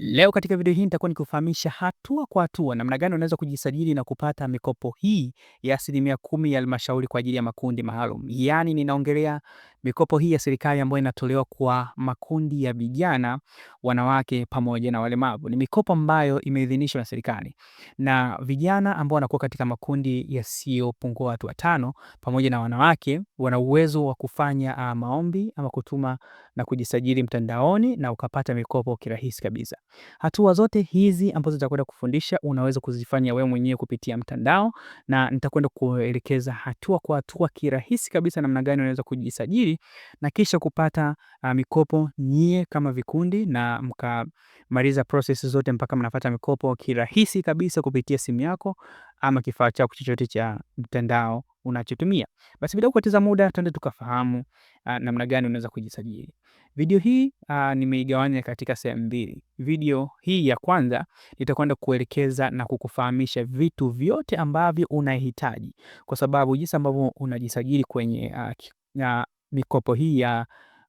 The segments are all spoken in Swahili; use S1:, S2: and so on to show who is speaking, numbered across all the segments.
S1: Leo katika video hii nitakuwa nikufahamisha hatua kwa hatua namna gani unaweza kujisajili na kupata mikopo hii ya asilimia kumi ya halmashauri kwa ajili ya makundi maalum. Yaani ninaongelea Mikopo hii ya serikali ambayo inatolewa kwa makundi ya vijana, wanawake pamoja na walemavu ni mikopo ambayo imeidhinishwa na serikali, na vijana ambao wanakuwa katika makundi yasiyopungua watu watano pamoja na wanawake wana uwezo wa kufanya ah, maombi ama kutuma na kujisajili mtandaoni na ukapata mikopo kirahisi kabisa. Hatua zote hizi ambazo nitakwenda kufundisha unaweza kuzifanya wewe mwenyewe kupitia mtandao, na nitakwenda kuelekeza hatua kwa hatua kirahisi kabisa namna gani unaweza kujisajili na kisha kupata uh, mikopo nyie kama vikundi na mkamaliza process zote mpaka mnapata mikopo kirahisi kabisa kupitia simu yako ama kifaa chako chochote cha mtandao unachotumia. Basi bila kupoteza muda, twende tukafahamu uh, namna gani unaweza kujisajili. Video hii uh, nimeigawanya katika sehemu mbili. Video hii ya kwanza nitakwenda kuelekeza na kukufahamisha vitu vyote ambavyo unahitaji, kwa sababu jinsi ambavyo unajisajili kwenye uh, uh, mikopo hii ya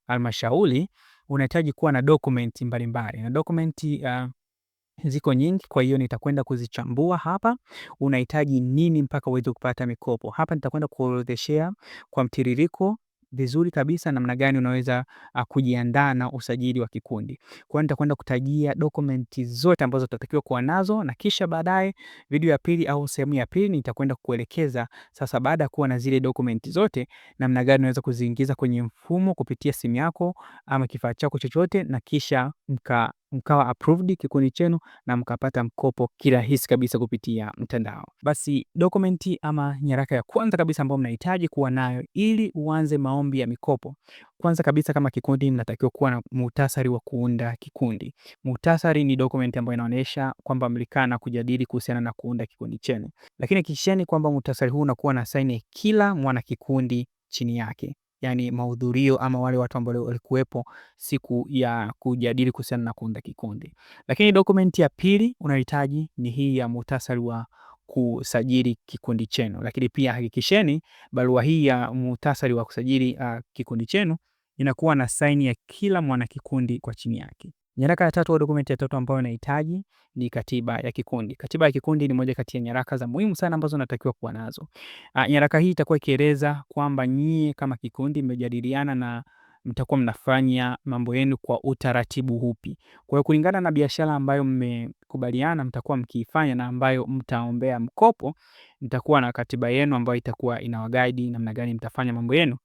S1: halmashauri unahitaji kuwa na dokumenti mbalimbali na dokumenti uh, ziko nyingi, kwa hiyo nitakwenda kuzichambua hapa. Unahitaji nini mpaka uweze kupata mikopo? Hapa nitakwenda kuorodheshea kwa mtiririko vizuri kabisa namna gani unaweza uh, kujiandaa na usajili wa kikundi. Kwa nitakwenda kutajia dokumenti zote ambazo tutatakiwa kuwa nazo, na kisha baadaye video ya pili au sehemu ya pili nitakwenda kuelekeza sasa, baada ya kuwa na zile dokumenti zote, namna gani unaweza kuziingiza kwenye mfumo kupitia simu yako ama kifaa chako chochote, na kisha mka mkawa approved kikundi chenu na mkapata mkopo kirahisi kabisa kupitia mtandao. Basi dokumenti ama nyaraka ya kwanza kabisa ambayo mnahitaji kuwa nayo ili uanze maombi ya mikopo, kwanza kabisa kama kikundi mnatakiwa kuwa na muhtasari wa kuunda kikundi. Muhtasari ni dokumenti ambayo inaonyesha kwamba mlikaa na kujadili kuhusiana na kuunda kikundi chenu, lakini hakikisheni kwamba muhtasari huu unakuwa na saini kila mwana kikundi chini yake yani mahudhurio ama wale watu ambao walikuwepo siku ya kujadili kuhusiana na kuunda kikundi. Lakini dokumenti ya pili unahitaji ni hii ya muhtasari wa kusajili kikundi chenu, lakini pia hakikisheni barua hii ya muhtasari wa kusajili uh, kikundi chenu inakuwa na saini ya kila mwanakikundi kwa chini yake. Nyaraka ya tatu au dokumenti ya tatu ambayo nahitaji ni katiba ya kikundi. Katiba ya kikundi ni moja kati ya nyaraka za muhimu sana ambazo natakiwa kuwa nazo. Uh, nyaraka hii itakuwa ikieleza kwamba nyie kama kikundi mmejadiliana na mtakuwa mnafanya mambo yenu kwa utaratibu upi. Kwa hiyo kulingana na biashara ambayo mmekubaliana mtakuwa mkiifanya na ambayo mtaombea mkopo, mtakuwa na katiba yenu ambayo itakuwa inawaguide namna gani mtafanya mambo yenu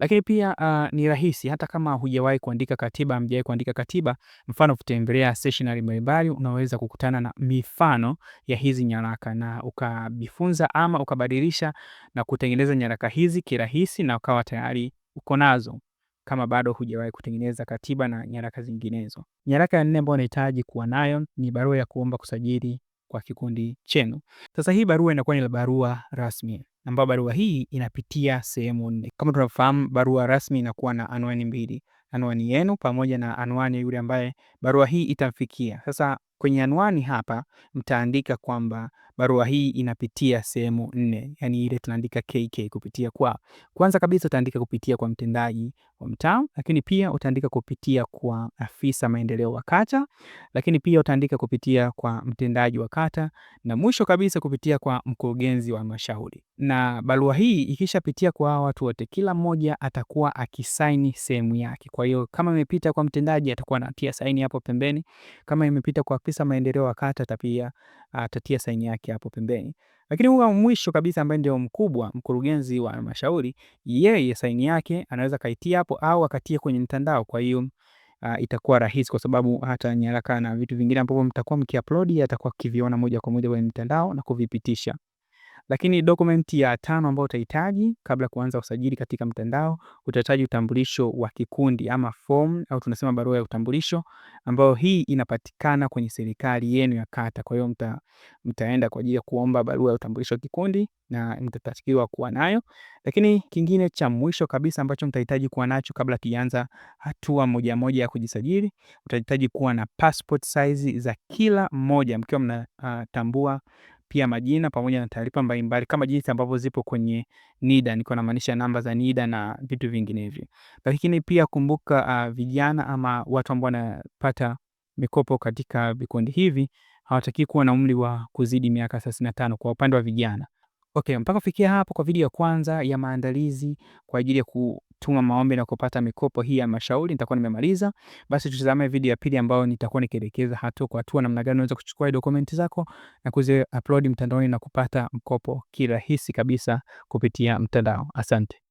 S1: lakini pia uh, ni rahisi hata kama hujawahi kuandika katiba, hamjawahi kuandika katiba, mfano kutembelea stationery mbalimbali, unaweza kukutana na mifano ya hizi nyaraka na ukajifunza ama ukabadilisha na kutengeneza nyaraka hizi kirahisi na ukawa tayari uko nazo kama bado hujawahi kutengeneza katiba na nyaraka zinginezo. Nyaraka ya nne ambayo unahitaji kuwa nayo ni barua ya kuomba kusajili kwa kikundi chenu. Sasa hii barua inakuwa ni barua rasmi ambayo barua hii inapitia sehemu nne. Kama tunavyofahamu, barua rasmi inakuwa na anwani mbili, anwani yenu pamoja na anwani yule ambaye barua hii itamfikia. Sasa kwenye anwani hapa mtaandika kwamba barua hii inapitia sehemu nne, yani ile tunaandika KK kupitia kwa. Kwanza kabisa utaandika kupitia kwa mtendaji wa mtaa, lakini pia utaandika kupitia kwa afisa maendeleo wa kata, lakini pia utaandika kupitia kwa mtendaji wa kata, na mwisho kabisa kupitia kwa mkurugenzi wa halmashauri. Na barua hii ikishapitia kwa hawa watu wote, kila mmoja atakuwa akisaini sehemu yake. Kwa hiyo kama imepita kwa mtendaji, atakuwa anatia saini hapo pembeni. Kama imepita kwa afisa maendeleo wa kata, atapia atatia saini yake hapo pembeni. Lakini huyu wa mwisho kabisa ambaye ndio mkubwa, mkurugenzi wa halmashauri, yeye saini yake anaweza kaitia hapo au akatia kwenye mtandao. Kwa hiyo uh, itakuwa rahisi kwa sababu hata nyaraka na vitu vingine ambavyo mtakuwa mkiupload atakuwa kiviona moja kwa moja kwenye mtandao na kuvipitisha. Lakini dokumenti ya tano ambayo utahitaji kabla kuanza usajili katika mtandao, utahitaji utambulisho wa kikundi ama form, au tunasema barua ya utambulisho, ambayo hii inapatikana kwenye serikali yenu ya kata. Kwa hiyo mta, mtaenda kwa ajili ya kuomba barua ya utambulisho wa kikundi na mtatakiwa kuwa nayo. Lakini kingine cha mwisho kabisa ambacho mtahitaji kuwa nacho kabla kianza hatua moja moja ya kujisajili, utahitaji kuwa na passport size za kila mmoja mkiwa mnatambua ah, uh, pia majina pamoja na taarifa mbalimbali kama jinsi ambavyo zipo kwenye NIDA, niko namaanisha namba za NIDA na vitu vinginevyo. Lakini pia kumbuka, uh, vijana ama watu ambao wanapata mikopo katika vikundi hivi hawataki kuwa na umri wa kuzidi miaka 35 kwa upande wa vijana. Okay, mpaka kufikia hapo kwa video ya kwanza ya maandalizi kwa ajili ya ku tuma maombi na kupata mikopo hii ya mashauri, nitakuwa nimemaliza. Basi tutazame video ya pili ambayo nitakuwa nikielekeza hatua kwa hatua namna gani unaweza kuchukua dokumenti zako na kuzi upload mtandaoni na kupata mkopo kirahisi kabisa kupitia mtandao. Asante.